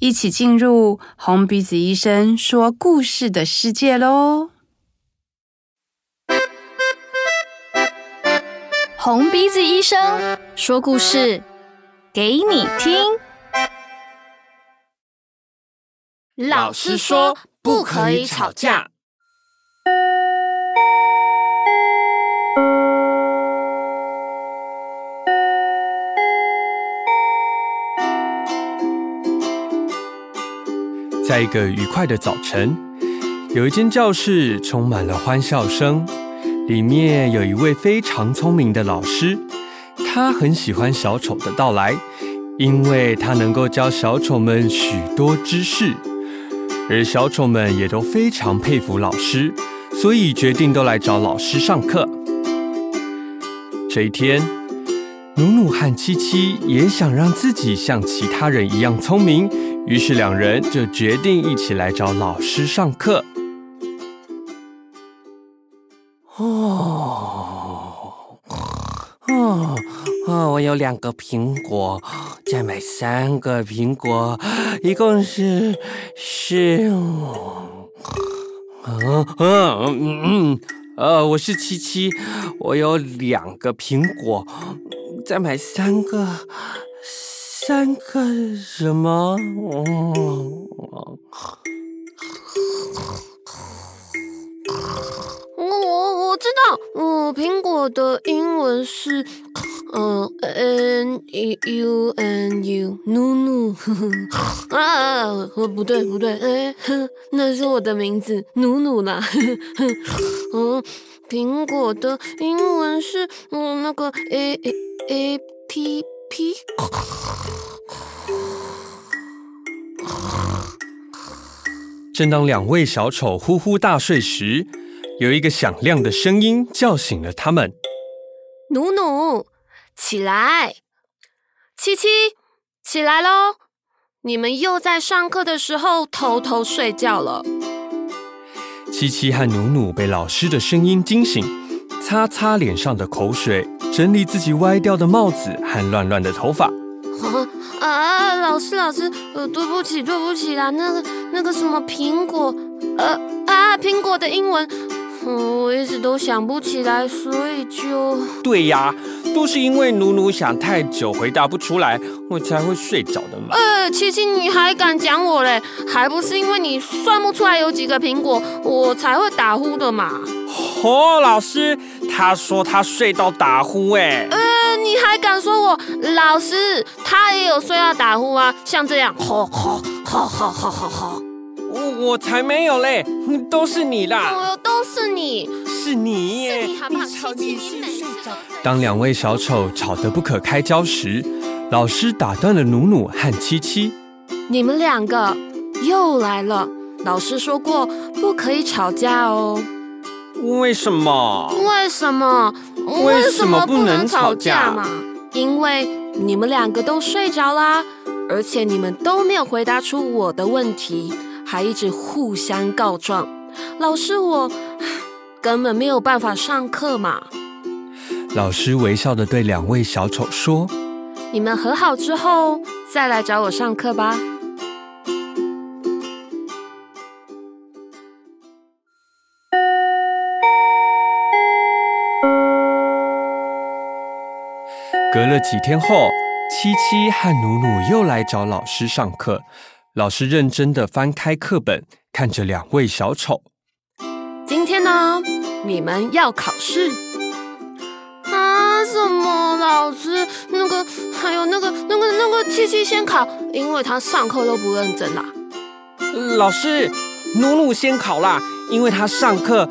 一起進入紅鼻子醫生說故事的世界嘍！紅鼻子醫生說故事給你聽。老師說不可以吵架。在一個愉快的早晨，有一間教室充滿了歡笑聲。裡面有一位非常聰明的老師，他很喜歡小丑的到來，因為他能夠教小丑們許多知識。而小丑們也都非常佩服老師，所以決定都來找老師上課。這一天，努努和七七也想讓自己像其他人一樣聰明。於是兩人就決定一起來找老師上課。哦，哦，哦，我有兩個蘋果，再買三個蘋果，一共是是。哦哦、嗯嗯嗯嗯，呃，我是七七，我有兩個蘋果，再買三個。三個什麼？我我我知道，我、嗯、蘋果的英文是嗯、呃、，n u n u，努努、啊啊。啊，不對不對，哎、欸，那是我的名字，努努啦呵呵。嗯，蘋果的英文是嗯、呃，那個 a a a p。正當兩位小丑呼呼大睡時，有一個響亮的聲音叫醒了他們。努努，起來！七七，起來嘍！你們又在上課的時候偷偷睡覺了。七七和努努被老師的聲音驚醒。擦擦臉上的口水，整理自己歪掉的帽子和亂亂的頭髮。啊，啊老師老師，呃，對不起對不起啦，那個那個什麼蘋果，呃啊，啊，蘋果的英文，我、哦、我一直都想不起來，所以就……對呀，都是因為努努想太久回答不出來，我才會睡着的嘛。呃、欸，77你還敢講我嘞？還不是因為你算不出來有幾個蘋果，我才會打呼的嘛。哦，老師，他說他睡到打呼哎。嗯、呃，你還敢說我老師？他也有睡到打呼啊，像這樣，吼吼吼吼吼吼吼。我我才沒有嘞，都是你啦！我、哦、都是你，是你耶，是你好不好，你，你是。當兩位小丑吵得不可開交時，老師打斷了努努和七七。你們兩個又來了，老師說過不可以吵架哦。為什麼？為什麼？為什麼不能吵架嘛？因為你們兩個都睡着啦，而且你們都沒有回答出我的問題，還一直互相告狀，老師我根本沒有辦法上課嘛。老師微笑地對兩位小丑說：“你們和好之後再來找我上課吧。”了幾天後，七七和努努又來找老師上課。老師認真的翻開課本，看着兩位小丑。今天呢，你們要考試。啊？什麼？老師，那個，還有那個，那個，那個七七先考，因為他上課都不認真啊。老師，努努先考啦，因為他上課。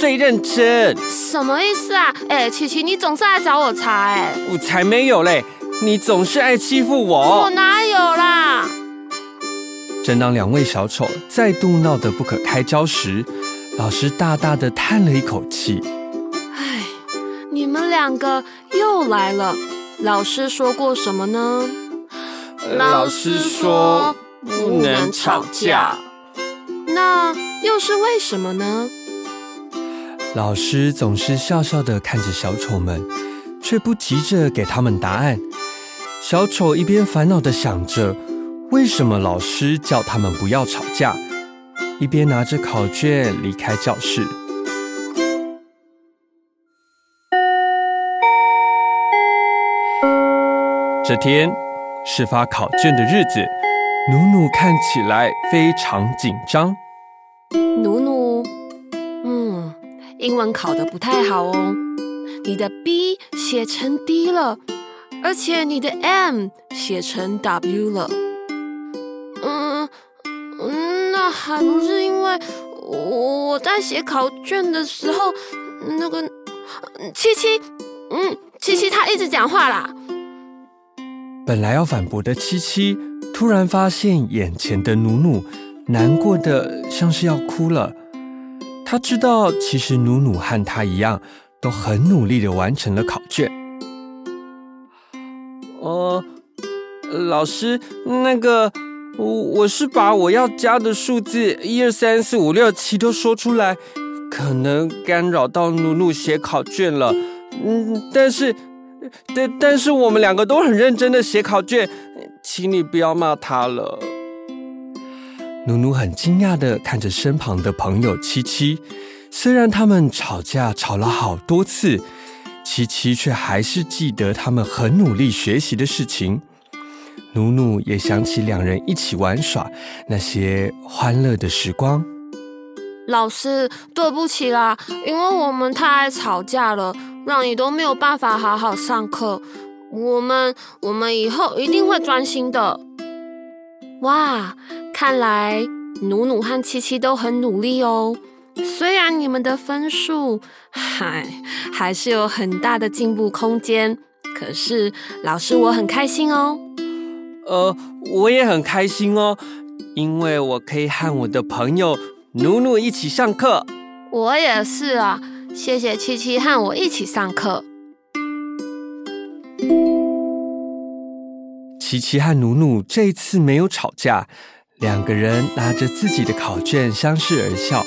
最認真？什麼意思啊？哎、欸，琪琪，你總是來找我茬哎、欸！我才沒有嘞，你總是愛欺負我。我哪有啦？正當兩位小丑再度鬧得不可開交時，老師大大的嘆了一口氣。哎，你們兩個又來了。老師說過什麼呢？老師說不能吵架。吵架。那又是為什麼呢？老師總是笑笑的看着小丑們，卻不急着給他們答案。小丑一邊煩惱的想着為什麼老師叫他們不要吵架，一邊拿着考卷離開教室。 這天，是發考卷的日子，努努看起來非常緊張。努努。英文考得不太好哦，你的 B 寫成 D 了，而且你的 M 寫成 W 了。嗯，那還不是因為，我我在寫考卷的時候，那個七七，嗯，七七他一直講話啦。本來要反駁的七七，突然發現眼前的努努難過得像是要哭了。他知道，其實努努和他一樣，都很努力的完成了考卷。呃，老師，那個，我我是把我要加的數字一二三四五六七都說出來，可能干擾到努努寫考卷了。嗯，但是，但但是我們兩個都很認真的寫考卷，請你不要罵他了。努努很驚訝地看着身旁的朋友七七，雖然他們吵架吵了好多次，七七卻還是記得他們很努力學習的事情。努努也想起兩人一起玩耍那些歡樂的時光。老師，對不起啦，因為我們太愛吵架了，讓你都沒有辦法好好上課。我們我們以後一定會專心的。哇！看來努努和七七都很努力哦。雖然你們的分數，嗨，還是有很大的進步空間。可是老師，我很開心哦。呃，我也很開心哦，因為我可以和我的朋友努努一起上課。我也是啊，謝謝七七和我一起上課。七七和努努這一次沒有吵架。兩個人拿着自己的考卷相視而笑，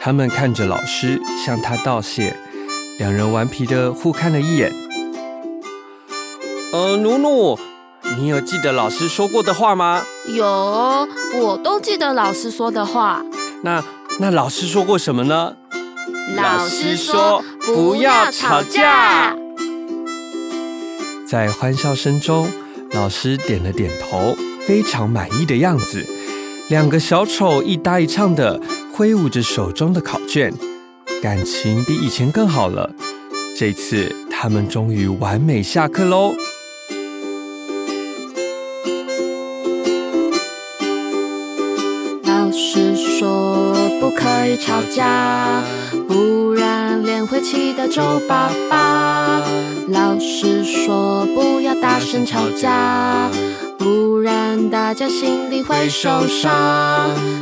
他們看着老師向他道謝。兩人頑皮的互看了一眼。呃，努努，你有記得老師說過的話嗎？有，我都記得老師說的話。那，那老師說過什麼呢？老師說不要吵架。在歡笑聲中，老師點了點頭。非常滿意的樣子，兩個小丑一搭一唱的揮舞着手中的考卷，感情比以前更好了。這次他們終於完美下課嘍。老師說不可以吵架，不然臉會氣到皺巴巴。老師說不要大聲吵架。不然大家心裡會受傷。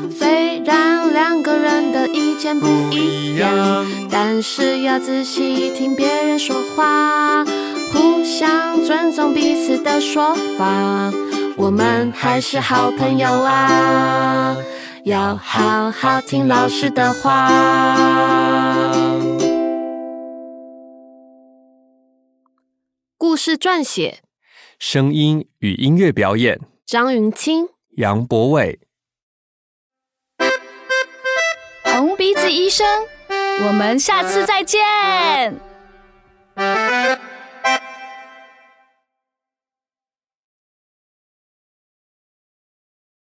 雖然兩個人的意見不一樣，但是要仔細聽別人說話，互相尊重彼此的說法。我們還是好朋友啊！要好好聽老師的話。故事撰寫。聲音與音樂表演，張雲欽、楊柏煒，紅鼻子醫生，我們下次再見。